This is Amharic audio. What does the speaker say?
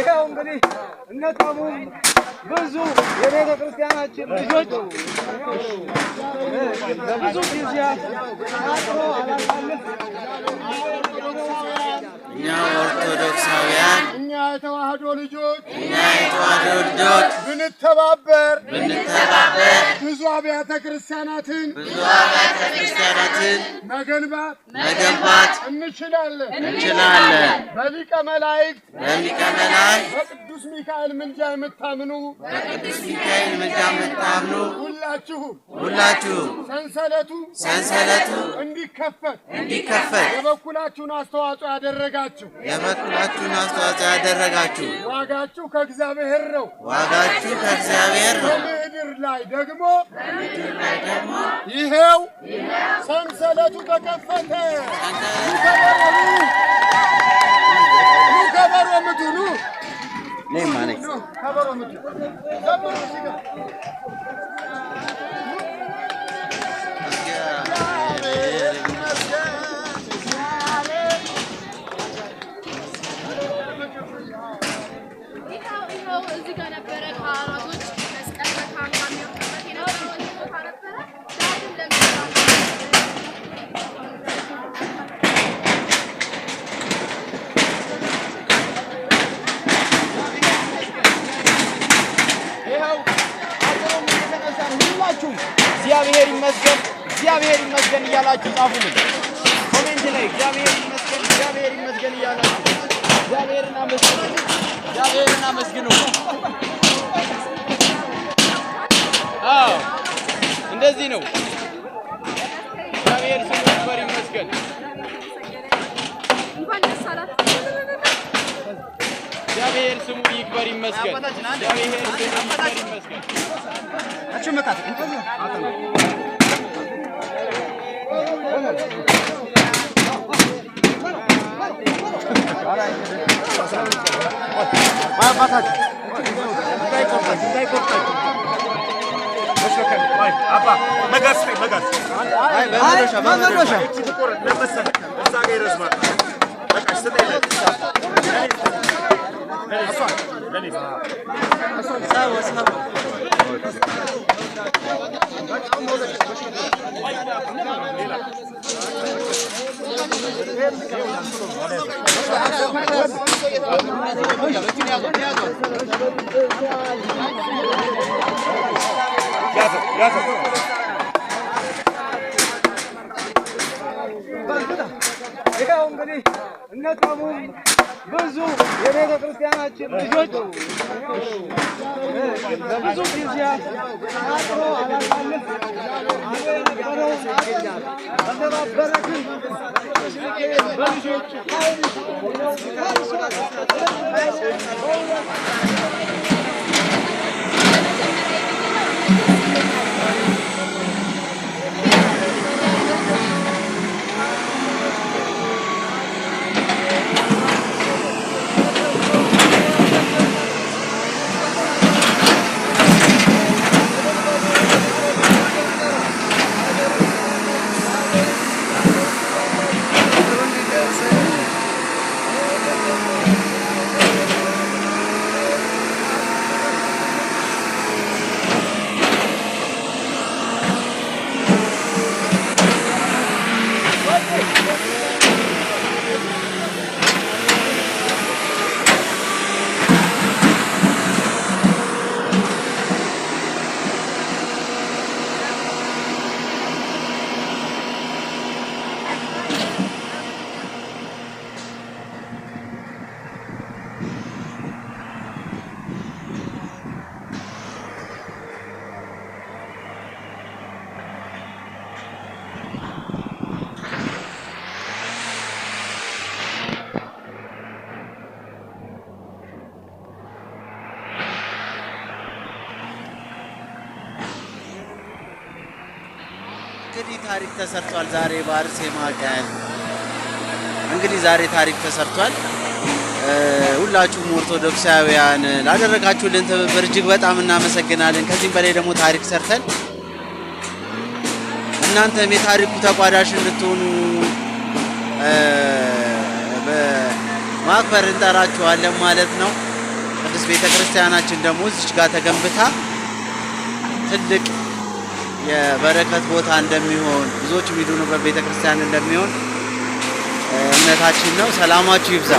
ይኸው እንግዲህ እነጠሙም ብዙ የቤተ ክርስቲያናችን ልጆች በብዙ ጊዜያት እኛ ኦርቶዶክሳውያን እኛ የተዋህዶ ልጆች እኛ የተዋህዶ ልጆች ብንተባበር ብንተባበር ብዙ አብያተ ክርስቲያናትን ብዙ አብያተ ክርስቲያናትን መገንባት መገንባት እንችላለን እንችላለን በሊቀ መላእክት በሊቀ መላእክት በቅዱስ ሚካኤል ምልጃ የምታምኑ በቅዱስ ሚካኤል ምልጃ የምታምኑ ሁላችሁ ሁላችሁ ሰንሰለቱ ሰንሰለቱ እንዲከፈት እንዲከፈት የበኩላችሁን አስተዋጽኦ ያደረጋችሁ የበኩላችሁን አስተዋጽኦ ያደረጋችሁ ዋጋችሁ ከእግዚአብሔር ነው ዋጋችሁ ከእግዚአብሔር ነው። በምድር ላይ ደግሞ በምድር ላይ ደግሞ ይሄው ሰንሰለቱ ተከፈተ። ከበሩ ምድሩ Neyim Manik. እግዚአብሔር ይመስገን እግዚአብሔር ይመስገን እያላችሁ ጻፉልኝ ኮሜንት ላይ እግዚአብሔር ይመስገን እግዚአብሔር ይመስገን እያላችሁ እግዚአብሔርን አመስግኑ እግዚአብሔርን አመስግኑ። አዎ እንደዚህ ነው። እግዚአብሔር ስሙ ይክበር ይመስገን። እግዚአብሔር ስሙ ይክበር Gracias. vamos Elena Cristiana, cristiano te joci? vamos Cristian, acolo, la Vamos avem Vamos avem la pără când, văzu, care እንግዲህ ታሪክ ተሰርቷል። ዛሬ በአርሴማ ቀን እንግዲህ ዛሬ ታሪክ ተሰርቷል። ሁላችሁም ኦርቶዶክሳውያን ላደረጋችሁልን ትብብር እጅግ በጣም እናመሰግናለን። ከዚህም በላይ ደግሞ ታሪክ ሰርተን እናንተም የታሪኩ ተቋዳሽ እንድትሆኑ ማክበር እንጠራችኋለን ማለት ነው። ቅድስት ቤተ ክርስቲያናችን ደግሞ እዚች ጋር ተገንብታ ትልቅ የበረከት ቦታ እንደሚሆን ብዙዎች የሚድኑበት ቤተ ክርስቲያን እንደሚሆን እምነታችን ነው። ሰላማችሁ ይብዛ።